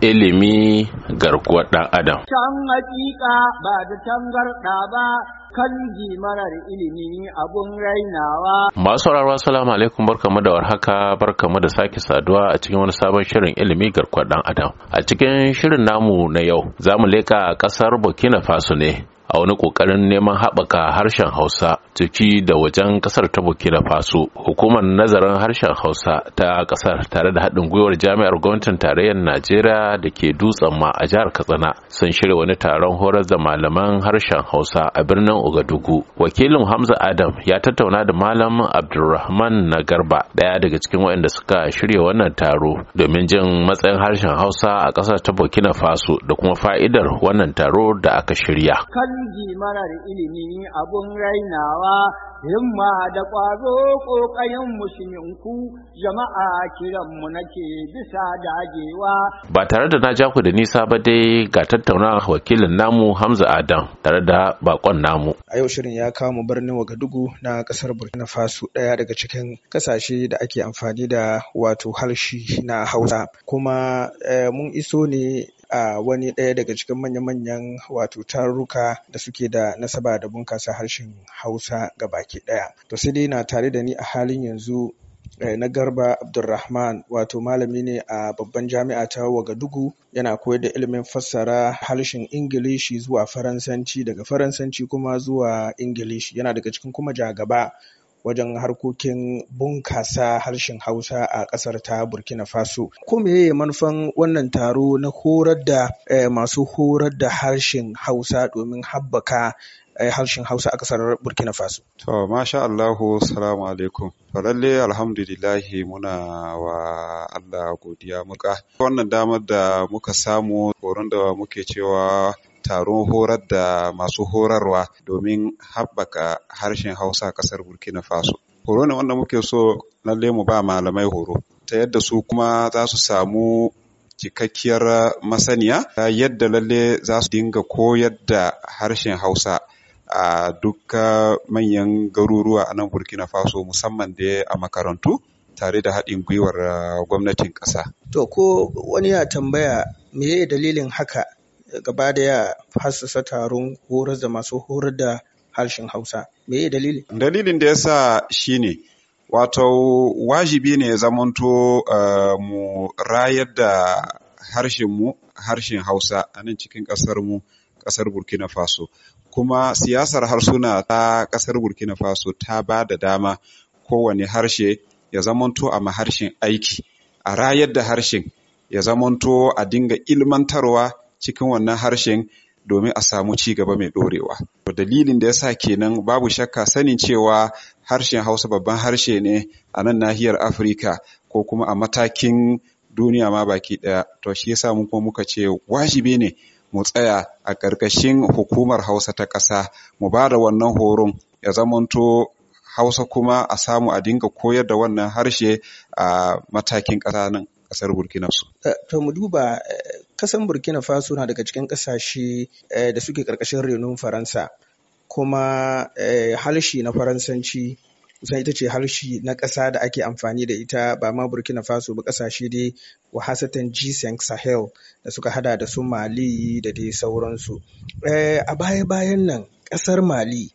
ilimi garkuwar ɗan adam. Can hakika ba da tangarɗa ba kan marar ilimi abun rainawa. Masu sauraro salamu alaikum barkamu da warhaka barkamu da sake saduwa a cikin wani sabon shirin ilimi garkuwar ɗan adam. A cikin shirin namu na yau za mu leƙa ƙasar Burkina Faso ne a wani ƙoƙarin neman haɓaka harshen hausa ciki da wajen ƙasar ta burkina faso hukumar nazarin harshen hausa ta ƙasar, tare da haɗin gwiwar jami'ar gwamnatin tarayyar najeriya da ke dutsen ma a jihar katsina sun shirya wani taron horar da malaman harshen hausa a birnin ogadugu wakilin hamza adam ya tattauna da malam abdulrahman nagarba garba ɗaya daga cikin waɗanda suka shirya wannan taro domin jin matsayin harshen hausa a ƙasar ta burkina faso da kuma fa'idar wannan taro da aka shirya canji marar ilimi abun rainawa himma da ƙwazo ƙoƙayen musulminku jama'a kiranmu nake bisa dagewa. Ba tare da na ja ku da nisa ba dai ga tattauna wakilin namu Hamza Adam tare da bakon namu. A yau shirin ya kama birnin Wagadugu na ƙasar Burkina Faso ɗaya daga cikin ƙasashe da ake amfani da wato harshe na Hausa. Kuma eh, mun iso ne a wani ɗaya daga cikin manya-manyan wato taruka da suke da nasaba da bunƙasa harshen Hausa ga baki ɗaya. To sai dai na tare da ni a halin yanzu eh, na garba abdulrahman wato malami ne a babban jami'a ta wagadugu yana koyar da ilimin fassara harshen ingilishi zuwa faransanci daga faransanci kuma zuwa ingilishi yana daga cikin kuma jagaba wajen harkokin bunkasa harshen Hausa a ƙasar ta Burkina Faso. Ko meye manufan wannan taro na horar da eh, masu horar da harshen Hausa domin habbaka eh, harshen Hausa a ƙasar Burkina Faso. To, masha Allahu, salamu alaikum. Falalle alhamdulillahi muna wa Allah godiya muka. Wannan damar da muka samu horon da muke cewa taron horar da masu horarwa domin haɓaka harshen Hausa a ƙasar Burkina Faso. Horo ne wanda muke so lalle mu ba malamai horo ta yadda su kuma za su samu cikakkiyar masaniya ta yadda lalle za su dinga koyar da harshen Hausa a duka manyan garuruwa a nan Burkina Faso musamman da a makarantu. tare da haɗin gwiwar uh, gwamnatin ƙasa. To ko wani ya tambaya meye dalilin haka gaba daya hassasa taron horar da masu horar da harshen Hausa. Me dalili? Dalilin da ya sa shi ne wato wajibi ne ya zamanto eh, mu rayar da harshen mu harshen Hausa a nan cikin ƙasar mu ƙasar Burkina Faso. Kuma siyasar harsuna ta ƙasar Burkina Faso ta ba da dama kowane harshe ya zamanto a harshen aiki, a rayar da harshen ya zamanto a dinga ilmantarwa cikin wannan harshen domin a samu ci gaba mai ɗorewa. Dalilin da ya sa kenan babu shakka sanin cewa harshen Hausa babban harshe ne a nan nahiyar Afirka ko kuma a matakin duniya ma baki ɗaya. To shi yasa mun kuma muka ce wajibi ne mu tsaya a ƙarƙashin hukumar Hausa ta ƙasa mu ba da wannan horon ya zamanto Hausa kuma a samu a dinga koyar da wannan harshe a matakin ƙasa nan. kasar Burkina Faso. Eh, to mu duba eh, Kasan Burkina Faso na daga cikin kasashe eh, da suke ƙarƙashin renon Faransa, kuma eh, harshe na Faransanci kusan ita ce harshe na ƙasa da ake amfani da ita ba ma burkina faso ba ƙasashe dai wahasatan g sahel da suka hada da su mali da dai sauransu eh, a baya-bayan nan ƙasar mali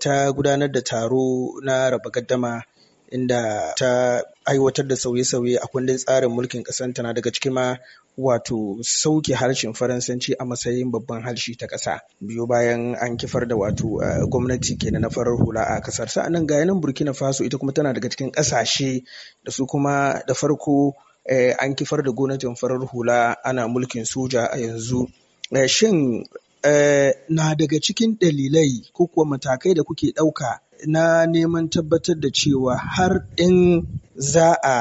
ta gudanar da taro na raba gaddama inda ta aiwatar da sauye-sauye a kundin tsarin mulkin ƙasar tana daga cikin ma wato sauke harshen faransanci a matsayin babban harshe ta ƙasa biyu bayan an kifar da wato eh, gwamnati kenan na farar hula a ƙasar sa'annan ga yanan burkina faso ita kuma tana daga cikin ƙasashe da su kuma da farko eh, an kifar da gwamnatin farar hula ana mulkin soja a yanzu eh, shin Eh, na daga cikin dalilai ko kuwa matakai da kuke ɗauka na neman tabbatar da cewa har in za a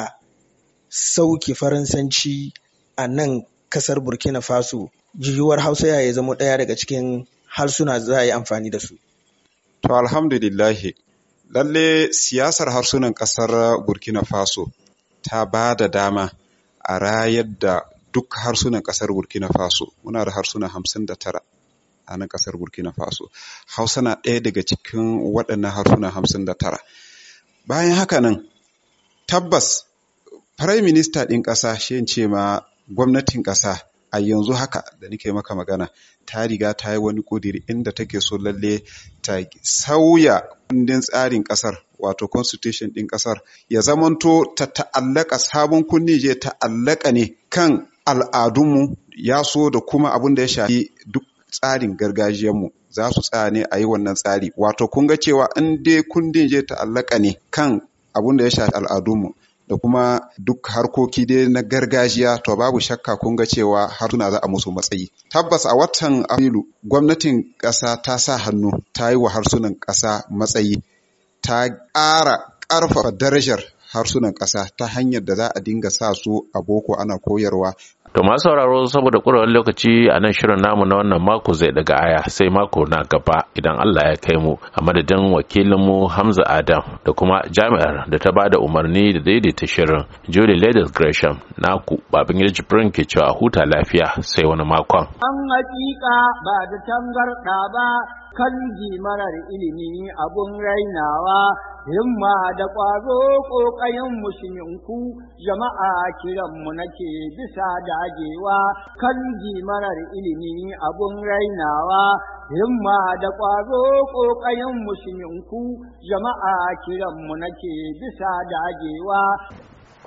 sauke faransanci a nan kasar burkina faso yiwuwar hausa ya zama ɗaya daga cikin harsuna za a yi amfani da su to lillahi, lalle siyasar harsunan kasar burkina faso ta ba da dama a rayar da duk harsunan kasar burkina faso muna da harsuna hamsin da tara a nan ƙasar burkina faso hausa na ɗaya daga cikin waɗannan harsuna hamsin da tara bayan haka nan tabbas prime minista ɗin ƙasa shi ce ma gwamnatin ƙasa a yanzu haka da nike maka magana ta riga ta yi wani ƙudiri inda take so lalle ta sauya kundin tsarin ƙasar wato constitution ɗin ƙasar ya zamanto ta ta'allaka sabon kunni je ta'allaka ne kan al'adunmu ya so da kuma abin da ya shafi duk tsarin gargajiyar mu za su tsaya ne a yi wannan tsari wato kun ga cewa in dai kundin zai ta'allaka ne kan abun da ya shafi al'adunmu da kuma duk harkoki dai na gargajiya to babu shakka kun ga cewa harsuna za a musu matsayi tabbas a watan afrilu gwamnatin ƙasa ta sa hannu ta yi wa harsunan ƙasa matsayi ta ƙara ƙarfafa darajar harsunan ƙasa ta hanyar da za a dinga sa su a boko ana koyarwa To masu sauraro saboda ƙurawar lokaci a nan shirin namu na wannan mako zai daga aya sai mako na gaba idan Allah ya kai mu a madadin wakilinmu Hamza Adam da kuma jami'ar da ta bada umarni da daidaita shirin Julie Ladies Gresham naku babin ya jibrin ke cewa huta lafiya sai wani makon. An hakika ba da tangarɗa ba kan marar ilimi abun rainawa himma da ƙwazo ƙoƙayen musulminku jama'a kiranmu nake bisa dagewa kan marar ilimi abun rainawa himma da ƙwazo ƙoƙayen musulminku jama'a kiranmu nake bisa dagewa